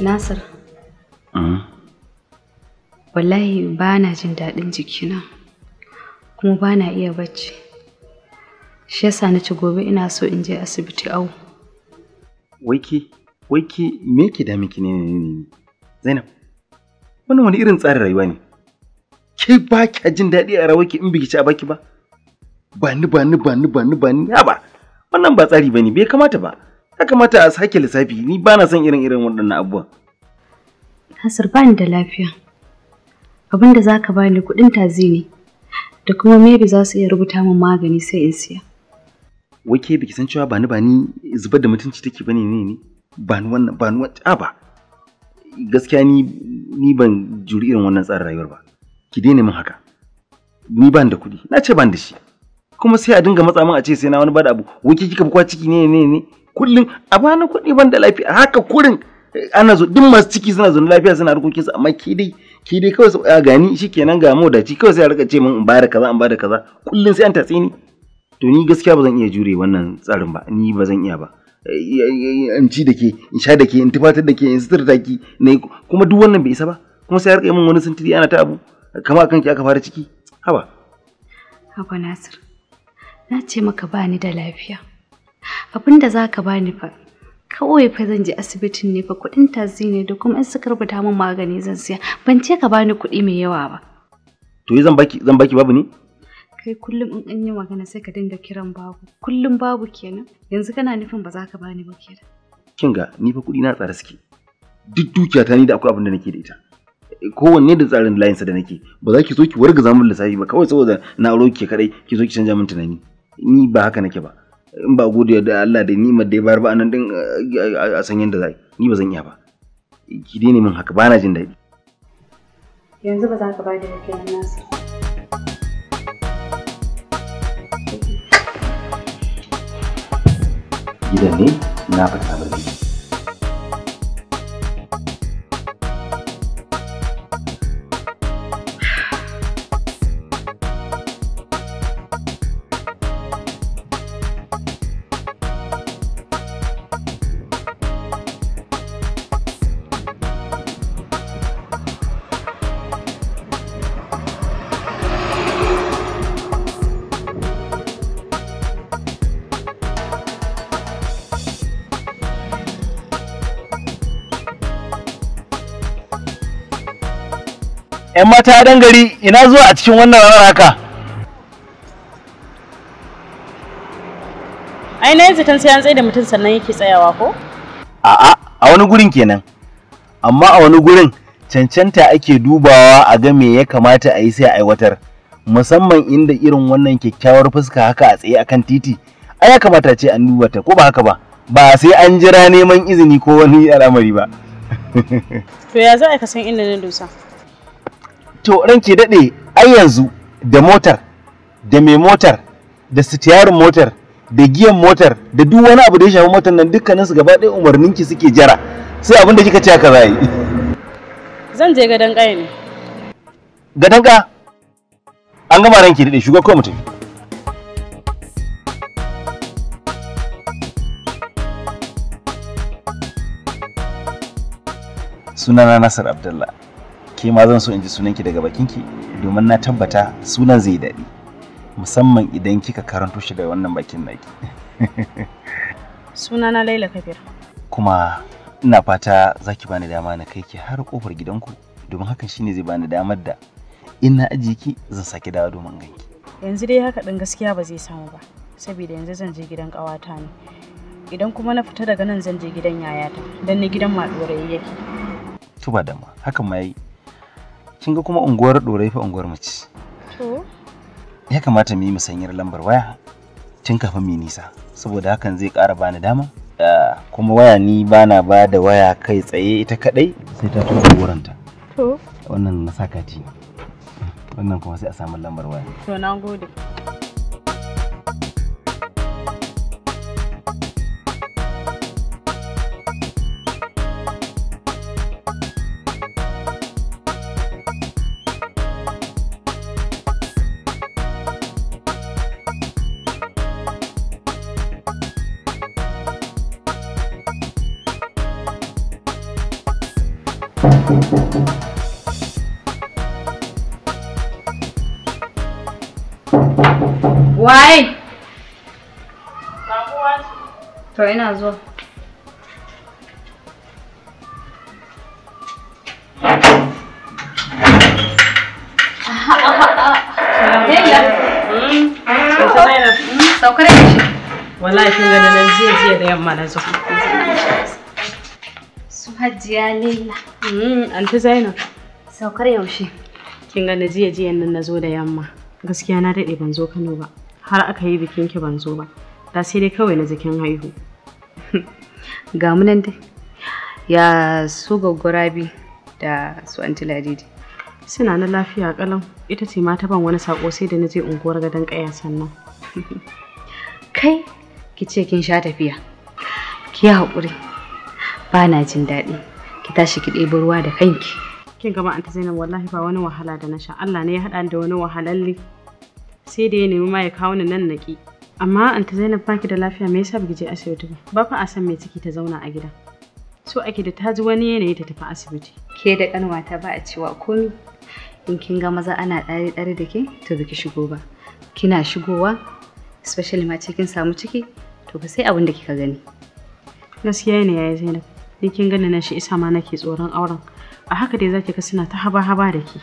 Nasir. Wallahi ba na jin daɗin jikina, kuma ba na iya bacci. Shi yasa na ci gobe ina so in je asibiti au. Waiki, waiki me ke da miki ne ne Zainab, wannan wani irin tsarin rayuwa ne? Ke ba ka jin daɗi a rawaki in biki ci a baki ba? Ba ni ba ni ba ni ba ni ba ni ba. Wannan ba tsari ba ne, bai kamata ba. Ya kamata a sake lissafi, ni ba na son irin irin waɗannan abubuwan. Nasir ba ni da lafiya. Abin da za ka ba ni kuɗin tazi ne, da kuma maybe za su iya rubuta min magani sai in siya. Wai ke biki san cewa ba ni ba ni zubar da mutunci take bane ne ne? Ba ni wannan ba ni wancan ba. Gaskiya ni ni ban juri irin wannan tsarin rayuwar ba. Ki daina min haka. Ni ban da kuɗi, na ce ban da shi. Kuma sai a dinga matsa min a ce sai na wani bada abu, wai kika bukwa ciki ne ne ne. kullum a bani kuɗi ban da lafiya haka kurin ana zo duk masu ciki suna zaune lafiya suna harkokin su amma ki dai ki dai kawai a gani shikenan ga mu da ci kawai sai a rika ce min in bada kaza in bada kaza kullum sai an tatsi ni to ni gaskiya ba zan iya jure wannan tsarin ba ni ba zan iya ba in ci da ke in sha da ke in tufatar da ke in sitar da ne kuma duk wannan bai isa ba kuma sai a rika yi min wani sintiri ana ta abu kama ki aka fara ciki haba haba nasir na ce maka ba ni da lafiya abin da za ka bani fa kawai fa zan je asibitin ne fa kuɗin tazi ne da kuma in suka rubuta min magani zan siya ban ce ka bani kuɗi mai yawa ba to yi zan baki zan baki babu ni kai kullum in an yi magana sai ka dinga kiran babu kullum babu kenan yanzu kana nufin ba za ka bani ba kenan kin ga ni fa kuɗi na tsare suke duk ta ni da akwai abin da nake da ita kowanne da tsarin layinsa da nake ba za ki so ki warga min lissafi ba kawai saboda na auro ki kadai ki zo ki canja min tunani ni ba haka nake ba in ba gode da Allah da ni'imar da ya bayar ba anan din eh, a san yanda zai ni ba zan iya ba ki daina min haka bana jin daɗi yanzu ba za ka ba da kai na. gidan ne na fata ba 'yan mata dan gari ina zuwa a cikin wannan ranar haka ai na yanzu sai an tsaye da mutum sannan yake tsayawa ko a'a a wani gurin kenan amma a wani gurin cancanta ake dubawa a ga me ya kamata a yi sai a aiwatar musamman inda irin wannan kyakkyawar fuska haka a tsaye akan titi ai ya kamata ce an duba ta ko ba haka ba ba sai an jira neman izini ko wani al'amari ba to ya za a ka san inda na dusa to ke daɗe ai yanzu da motar da mai motar da sitiyarin motar da giyan motar da duk wani abu da ya shafi motar nan dukkanin su gaba ɗaya umarnin ki suke jara sai abin da kika ce ka za yi zan je gadon ƙaya ne gadon ƙa an gama ranki daɗe shugo ko mutum sunana nasir abdullah ke ma zan so in ji sunanki daga ki domin na tabbata sunan zai dadi musamman idan kika karanto shi da wannan bakin naki sunana laila kabir kuma ina fata za ki bani dama na kai ki har kofar gidanku domin hakan shine zai bani damar da in na ajiye ki zan sake dawo domin ganki yanzu dai haka din gaskiya ba zai samu ba saboda yanzu zan je gidan kawata ne idan kuma na fita daga nan zan je gidan yayata don ni gidan maɗorayi yake tuba da ma hakan ma yayi kin ga kuma unguwar dorai fa unguwar mace ya kamata mu yi musanyar lambar waya tun kafin mu nisa saboda hakan zai ƙara bani dama kuma waya ni bana ba da waya kai tsaye ita kadai sai ta tura goranta to wannan na saka wannan kuma sai a samu lambar waya to nagode to ina zuwa saukar da shi wallahi kin gani nan jiya jiya da yamma na zo su hajiya lilla mm anti zainab saukar yaushe kin gani jiya jiya nan na zo da yamma gaskiya na dade ban zo Kano ba har aka yi bikin ki ban zo ba da sai dai kawai na jikin haihu ga munan dai ya su bi da su antiladidi suna na lafiya kalan ita ce ma ta ban wani sako sai da na je unguwar gadon kaya sannan kai ki ce kin sha tafiya ki haƙuri ba na jin daɗi ki tashi ki ɗebi ruwa da kanki kin gama anta zainab wallahi ba wani wahala da na sha Allah ne ya haɗa da wani wahalalle sai da ya nemi ma ya kawo ni nan naki Amma anta Zainab baki da lafiya me yasa baki je asibiti ba? Ba fa a san me ciki ta zauna a gida. So ake da ta ji wani yanayi ta tafi asibiti. Ke da kanwata ba a cewa komi. In kin ga maza ana ɗare ɗare da ke to biki shigo ba. Kina shigowa especially ma cikin samu ciki to ba sai abin da kika gani. Gaskiya ne yayi Zainab. Ni kin gani na shi isa ma nake tsoron auren. A haka dai zaki ka suna ta haba haba da ke.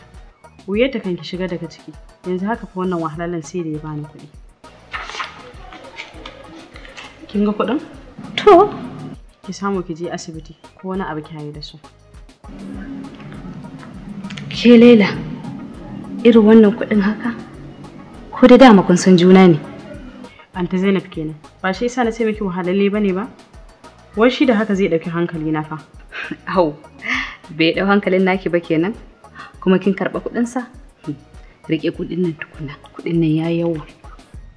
Wuyar kan kanki shiga daga ciki. Yanzu haka fa wannan wahalalan sai da ya bani kuɗi. Kin ga kuɗin? To. Ki samu ki je asibiti ko wani abu ki da su. Ke Laila, irin wannan kuɗin haka? Ko da dama kun san juna ne? Anta Zainab kenan. Ba shi yasa na ce miki wahalalle bane ba? Wai shi da haka zai ɗauki hankali na fa. Au, bai ɗau hankalin naki ba kenan? Kuma kin karɓa kuɗinsa? Hm, rike kuɗin nan tukuna, kuɗin nan ya yawa.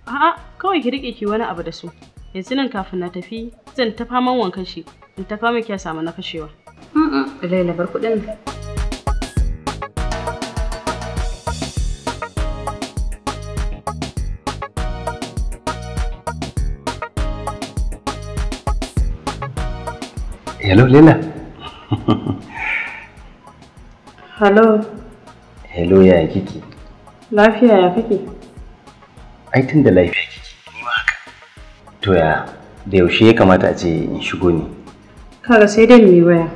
A'a, kawai ki rike ki wani abu da su. yanzu nan kafin na tafi zan tafa man wankan shi in tafa miki ya samu na kashewa. Laila bar kuɗin. Hello Laila. Hello. Hello yaya kike? Lafiya ya kake? Ai tun da lafiya To ya da yaushe ya kamata a ce in shigo ne? Kaga sai dai mu yi waya.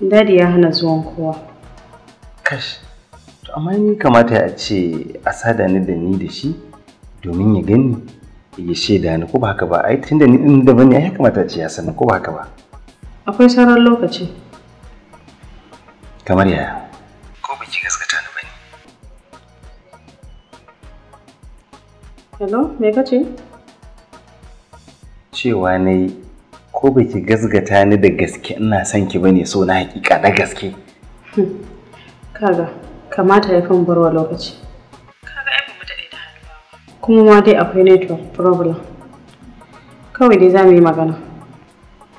Dadi ya hana zuwan kowa. Kash. To amma ni kamata a ce a sada ni da ni da shi domin ya gani ya shaida ni ko ba haka ba ai tunda ni inda bane ai kamata a ce ya sani ko ba haka ba. Akwai sauran lokaci. Kamar yaya? Ko baki gaskata ni bane? Hello, me kace? cewa na yi ko ba ki gasgata ni da gaske ina son ki bane so na hakika da gaske kaga kamata ya kan barwa lokaci kaga ai mu daɗe da haɗuwa kuma ma dai akwai network problem kawai dai za mu yi magana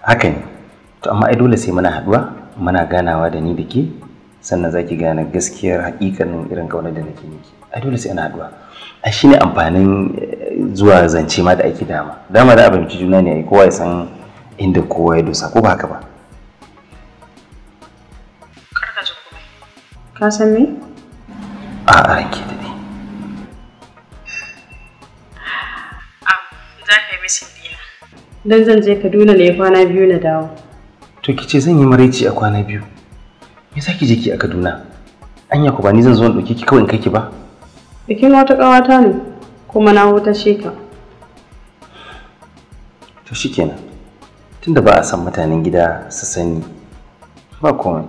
haka ne to amma ai dole sai muna haɗuwa muna ganawa da ni da ke sannan za ki gane gaskiyar haƙiƙanin irin kaunar da nake miki ai dole sai ana haɗuwa a shine amfanin zuwa zance ma da ake dama dama da abinci juna ne kowa ya san inda kowa ya dosa ko ba haka ba ka san me? a a ranke da ne za ka yi mishi dina don zan je kaduna ne kwana biyu na dawo to ki ce zan yi maraici a kwana biyu me za ki je ki a kaduna anya ku ba ni zan zo in ɗauki ki kawai in kai ki ba bikin wata ƙawata ne kuma na huta shi ka to kenan, tunda ba a san mutanen gida su sani ba komai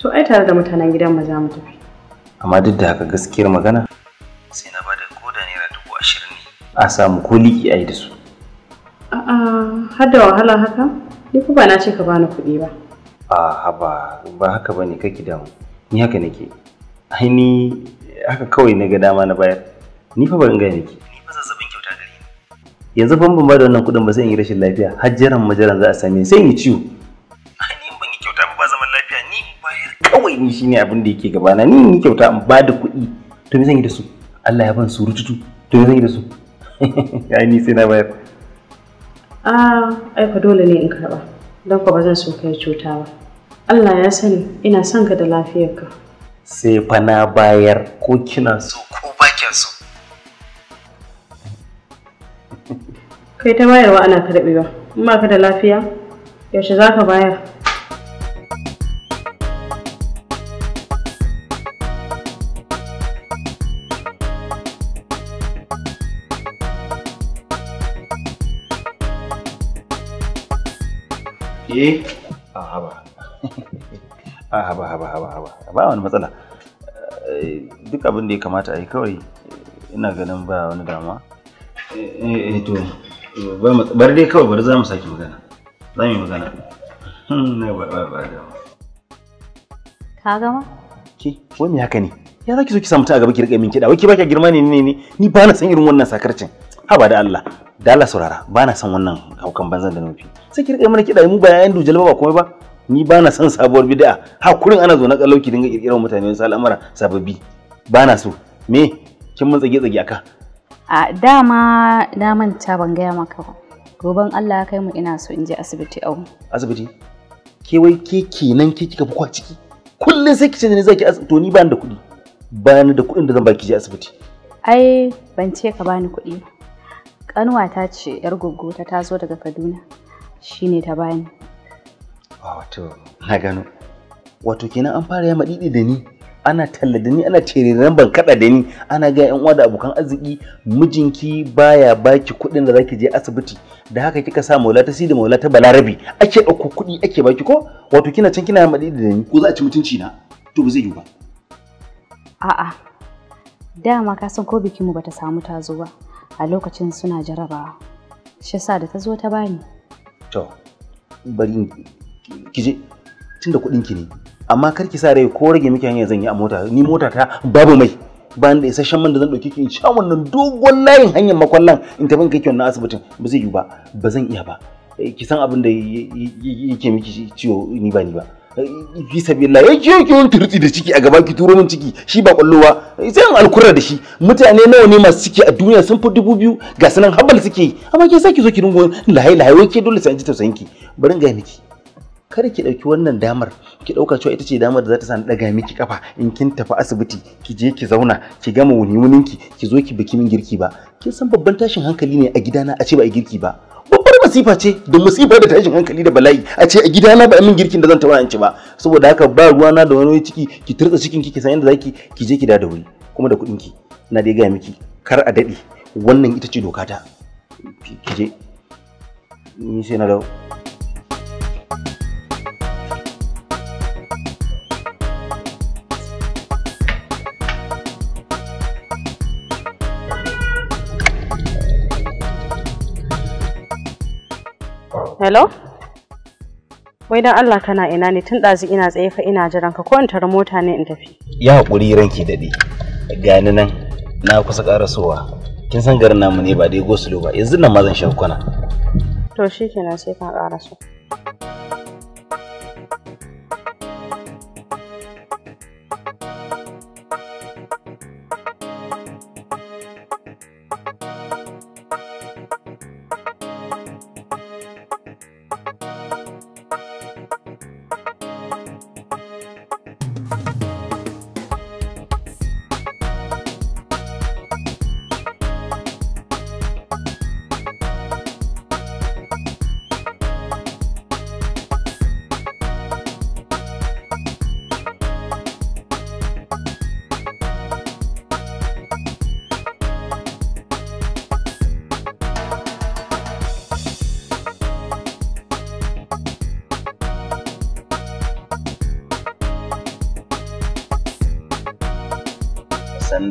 to ai tare da mutanen gidan mu za mu tafi amma duk da haka gaskiyar magana sai na bada koda naira dubu ashirin ne a samu ko liki a yi da su a'a har da wahala haka ni ba na ce ka bani kuɗi ba a haba ba haka bane kake damu ni haka nake ai ni haka kawai na ga dama na bayar ni fa ban gaya miki ni fa zazzabin kyauta gare ni yanzu ban ban ba da wannan kuɗin ba sai in yi rashin lafiya hajjaran majaran za a same sai in yi ciwo ni ban yi kyauta ba zaman lafiya ni bayar kawai ni shine abin da yake gabana ni yi kyauta in ba da kuɗi to me zan yi da su Allah ya ban rututu to me zan yi da su ai ni sai na bayar ah ai fa dole ne in karba don ko ba zan so kai cuta ba Allah ya sani ina son ka da lafiyarka sai fa na bayar ko kina so ko ba kai ta bayarwa ana karɓewa in ba ka da lafiya yaushe za ka bayar ah, a ah, haba haba haba haba wani matsala eh, duk abin da ya kamata a yi kawai ina ganin ba wani dama. Eh, eh, eh to bar dai kawai bari za mu sake magana za mu yi magana hmm, na ba ba ba da ka gama ki wai me haka ne ya za ki zo ki samu ta a gaba ki rika min kiɗa wai ki baki girma ne ne ne ni ba na san irin wannan sakarcin ha ba da Allah da Allah saurara ba na san wannan haukan banzan da nufi sai ki rika mana kiɗa mu ba yayin dujal ba komai ba ni ba na san sabuwar bid'a ha kurin ana zo na kallauki dinga kirkirar mutane wasu al'amara sababbi ba na so me kin mun tsage tsage aka a dama na manta ban gaya maka ba goben Allah kai mu ina so in je asibiti au asibiti ke wai ke kenan ke kika kwa ciki kullun sai kici ne zaki asibiti to ni ba da kuɗi ba ni da kuɗin da zan baki je asibiti ai ban ce ka bani kuɗi ta ce yar goggo ta tazo daga Kaduna shine ta bani wato na gano wato kenan an fara yama didi da ni ana talla da ni ana cereren ban kada da ni ana ga yan uwa da abokan arziki mijinki baya baki kuɗin da zaki je asibiti da haka kika sa maula ta da maula ta balarabi ake ɗauko kuɗi ake baki ko wato kina can kina maɗi da ni ko za a ci mutunci na to ba zai yi ba a'a dama ka san ko mu bata samu tazo ba a lokacin suna jarabawa shi sa da ta zo ta bani to bari ki je tunda kuɗin ki ne amma kar ki sa rai ko rage miki hanya zan yi a mota ni mota ta babu mai ba da isasshen man da zan dauke ki in sha wannan dogon layin hanyar makwallan in tafi in kai ki wannan asibitin ba zai yi ba ba zan iya ba eh, ki san abin da yake miki ciwo ni ba ni ba eh, fi sabila ya ke yake turuti da ciki a gaba ki turo min ciki shi ba kwallo eh, sai an alkura da shi mutane nawa ne masu ciki a duniya sun fi dubu biyu ga sanan habal suke yi amma ke sa ki zo ki dungo lahai lahai wai ke dole sai an ji tausayin ki bari in ga miki kada ki ɗauki wannan damar ki ɗauka cewa ita ce damar da za ta sani ɗaga miki kafa in kin tafi asibiti ki je ki zauna ki gama wuni ki ki zo ki biki min girki ba kin san babban tashin hankali ne a gidana a ce ba a girki ba babbar masifa ce da masifa da tashin hankali da bala'i a ce a gidana ba min girkin da zan taɓa in ci ba saboda haka ba ruwana da wani ciki ki turtsa cikin ki ki san yadda zaki ki je ki da da wuri kuma da kuɗin ki na dai gaya miki kar a daɗe wannan ita ce doka ta ki je ni sai na dawo Hello? Wai dan Allah kana ina ne tun ɗazu ina tsaye fa ina jiran ka ko in tara mota ne in tafi. Ya haƙuri ranki daɗe. Gani nan na kusa ƙarasowa. Kin san garin namu ne ba dai gosulo ba yanzu nan ma zan sha kwana. To shikenan sai ka ƙaraso.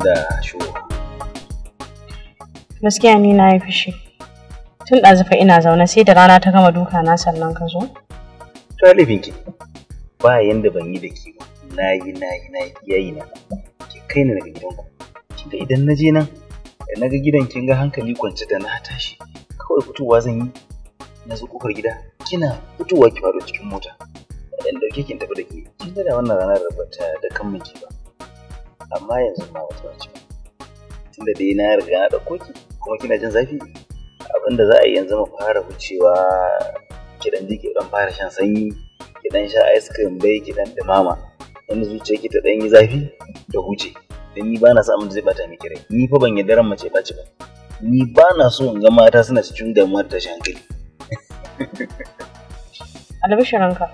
da shigo. Gaskiya ni na yi fushi. Tun ɗazufa ina zaune sai da rana ta gama duka na sannan ka zo. To ki ba yanda ban yi da ke ba. Na yi na yi na yi na. Ki kai ni daga gidanku. Da idan na je nan da na gidan kin ga hankali kwance da na tashi. Kawai fitowa zan yi. Na zo kofar gida kina fitowa ki faru cikin mota. Dan dauke kin tafi da ke. Kin ga da wannan rana rabata da kan miki ba. amma yanzu ba wata wace tunda dai na riga na ɗauko ki kuma kina jin zafi abinda za a yi yanzu mu fara wucewa kidan ji ki dan fara shan sanyi dan sha ice cream dai kidan dumama in zuciya ki ta dan yi zafi da huce dan ni bana son da zai bata miki rai ni fa ban yi daren mace bace ba ni bana so in ga mata suna cikin damuwa da tashin hankali albishirinka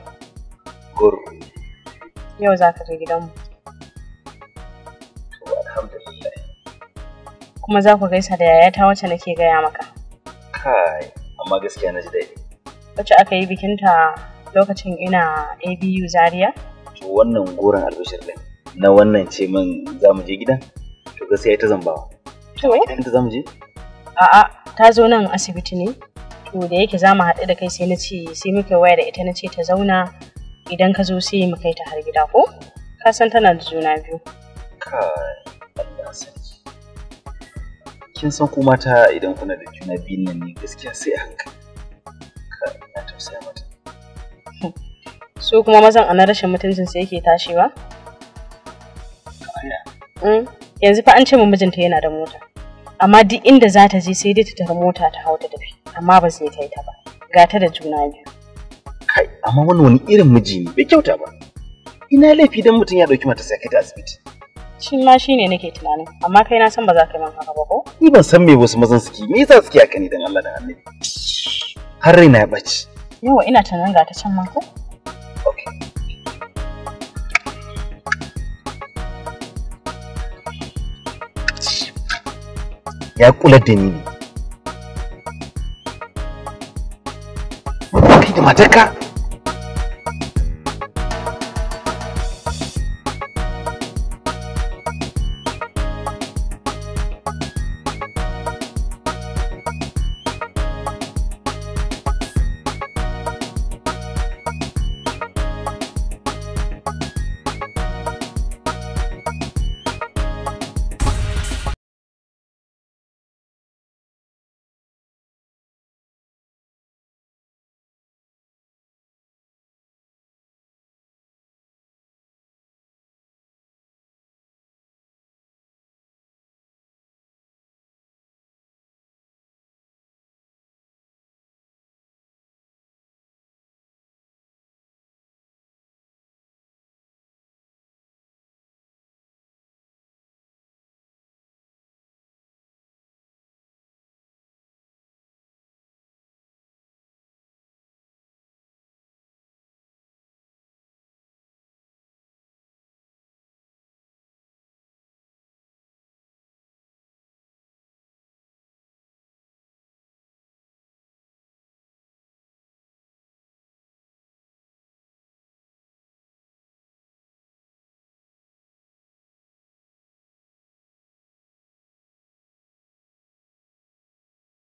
gur yau za ka je gidanmu kuma za ku gaisa da yayata wacce nake gaya maka. Kai, amma gaskiya na ji daidai. Wacce aka yi bikinta lokacin ina ABU Zaria? To wannan goron albishir ɗin na wannan ce min za mu je gidan? To gaskiya ita zan bawa. To eh? Ita za mu je? A'a, ta zo nan asibiti ne. To da yake za mu haɗu da kai sai na ce sai muke waya da ita na ce ta zauna idan ka zo sai mu kai ta har gida ko? Ka san tana da juna biyu. Kai, Allah sani. kin san ku mata idan kuna da juna biyun nan ne gaskiya sai a hankali ka na tausaya mata So kuma mazan ana rashin mutuncin sai yake tashewa? Mm. yanzu fa an ce mijinta yana da mota amma duk inda za ta je sai dai ta tara mota ta hau ta tafi amma ba sai ta yi ta ba ga ta da juna biyu kai amma wani wani irin miji ne bai kyauta ba ina laifi dan mutum ya dauki mata sai kai ta asibiti shi ma shi ne nake tunanin amma kai na san ba za ka yi man haka ba ko ni ban san me wasu mazan suke me yasa suke haka ni dan Allah da Annabi har raina ya baci yawa ina tunanin ga ta can man ko okay ya kula da ni ne. Kai da matarka?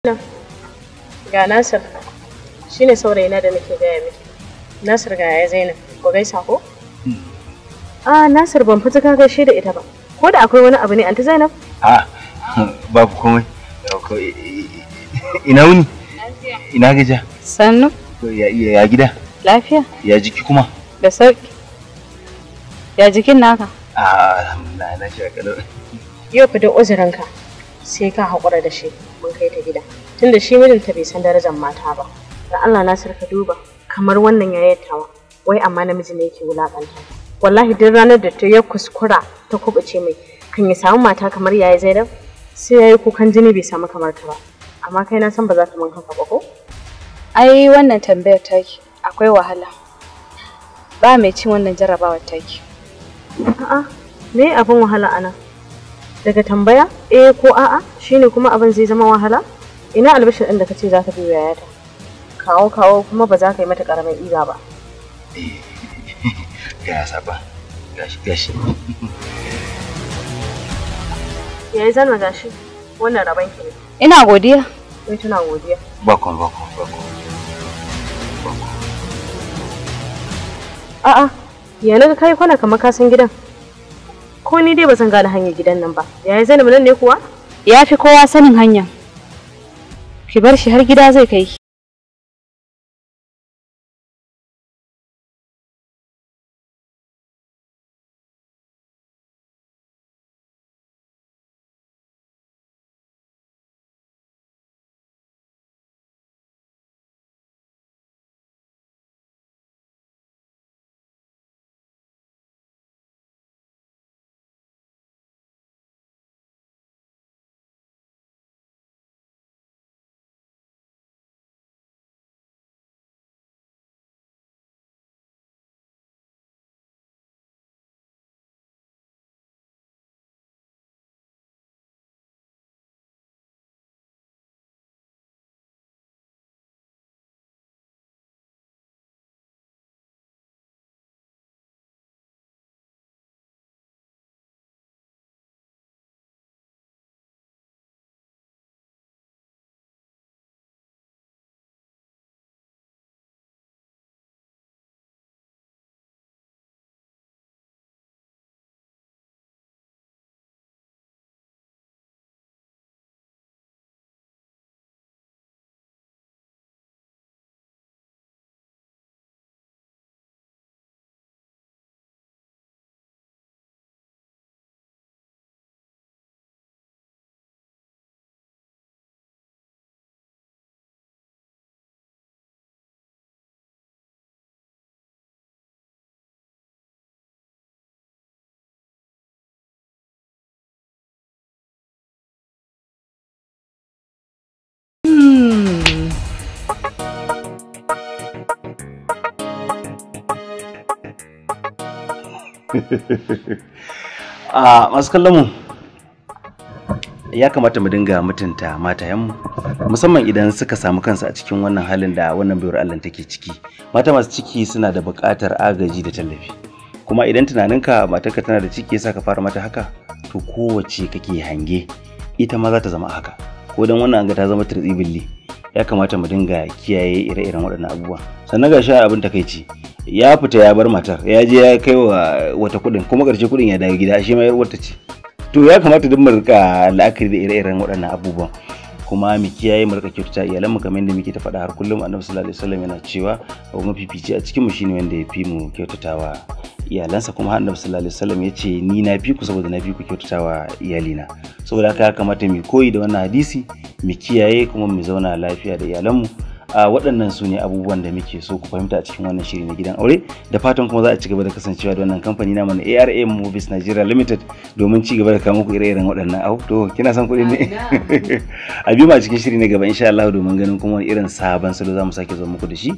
nan ga nasir shine saurayina da nake gaya miki nasir ga ya zainab ku gaisa ko hmm. a ah, nasir ban fita ka gaishe da ita ba ko da akwai wani abu ne anti zainab a ah, babu komai ina wuni ina gaja sannu ya gida lafiya ya jiki kuma da sauki ya jikin naka a ah, alhamdulillah na shi yau fi da uzurinka sai ka haƙura da shi mun kai ta gida tunda shi mijinta bai san darajar mata ba da Allah na sarka duba kamar wannan yayar tawa wai amma namiji ne yake wulakanta wallahi duk ranar da ta ya kuskura ta kubuce mai kan ya samu mata kamar yayi Zainab sai yayi kukan jini bai samu kamar ta ba amma kai na san ba za ta mun haka ba ko ai wannan tambayar taki akwai wahala ba mai cin wannan jarabawar taki a'a me abin wahala anan daga tambaya a eh ko a'a shine kuma abin zai zama wahala ina albashin ɗin da kace za ka biyo yayata kawo kawo kuma ba za ka yi mata karamin iga ba ga saba gashi gashi yi zan gashi wannan raban ki ne ina godiya ni tuna godiya bakon bakon bakon a'a ya naga kai kwana kamar ka gidan ko ni dai ba zan gane hanyar gidan nan ba yayi zainab nan ne kuwa ya fi kowa sanin hanya ki bar shi har gida zai kai a ah, masu kallon ya kamata mu dinga mutunta matayenmu musamman idan suka samu kansu a cikin wannan halin da wannan baiwar Allah take ciki mata masu ciki suna da buƙatar agaji da tallafi kuma idan tunaninka matarka tana da ciki yasa ka fara mata haka to kowace kake hange ita ma za ta zama haka ko dan wannan anga ga ta zama tirtsi billi ya kamata mu dinga kiyaye ire-iren waɗannan abubuwa sannan ga sha abin takaici ya fita ya bar matar ya je ya kai wa wata kuɗin kuma ƙarshe kuɗin ya dawo gida shi ma yar wata ce to ya kamata duk mu rika la'akari da ire-iren waɗannan abubuwa kuma mu kiyaye mu rika kyautata iyalanmu kamar yadda muke ta faɗa har kullum annabi sallallahu alaihi wasallam yana cewa abu mafifici a cikin mu shine wanda ya fi mu kyautatawa iyalansa kuma annabi sallallahu alaihi wasallam yace ni na fi ku saboda na fi ku kyautatawa iyalina saboda haka ya kamata mu koyi da wannan hadisi mu kiyaye kuma mu zauna lafiya da iyalanmu waɗannan su ne abubuwan da muke so ku fahimta a cikin wannan shiri na gidan aure da fatan kuma za a ci gaba da kasancewa da wannan kamfani na mana ARA Movies Nigeria Limited domin ci gaba da kawo muku ire-iren waɗannan abu to kina san kuɗi ne a biyu ma cikin shiri na gaba insha Allah domin ganin kuma wani irin sabon salo za mu sake zo muku da shi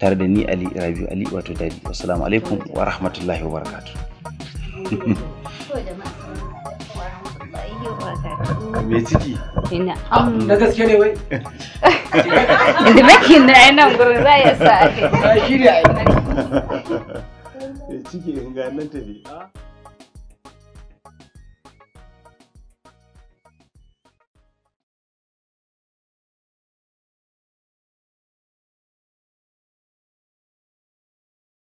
tare da ni Ali Rabiu Ali wato Dadi assalamu alaikum wa rahmatullahi wa barakatuh Me ciki? Ah, na gaske ne wai? maki na nan gurin za ya sa ake. ga nan tafi.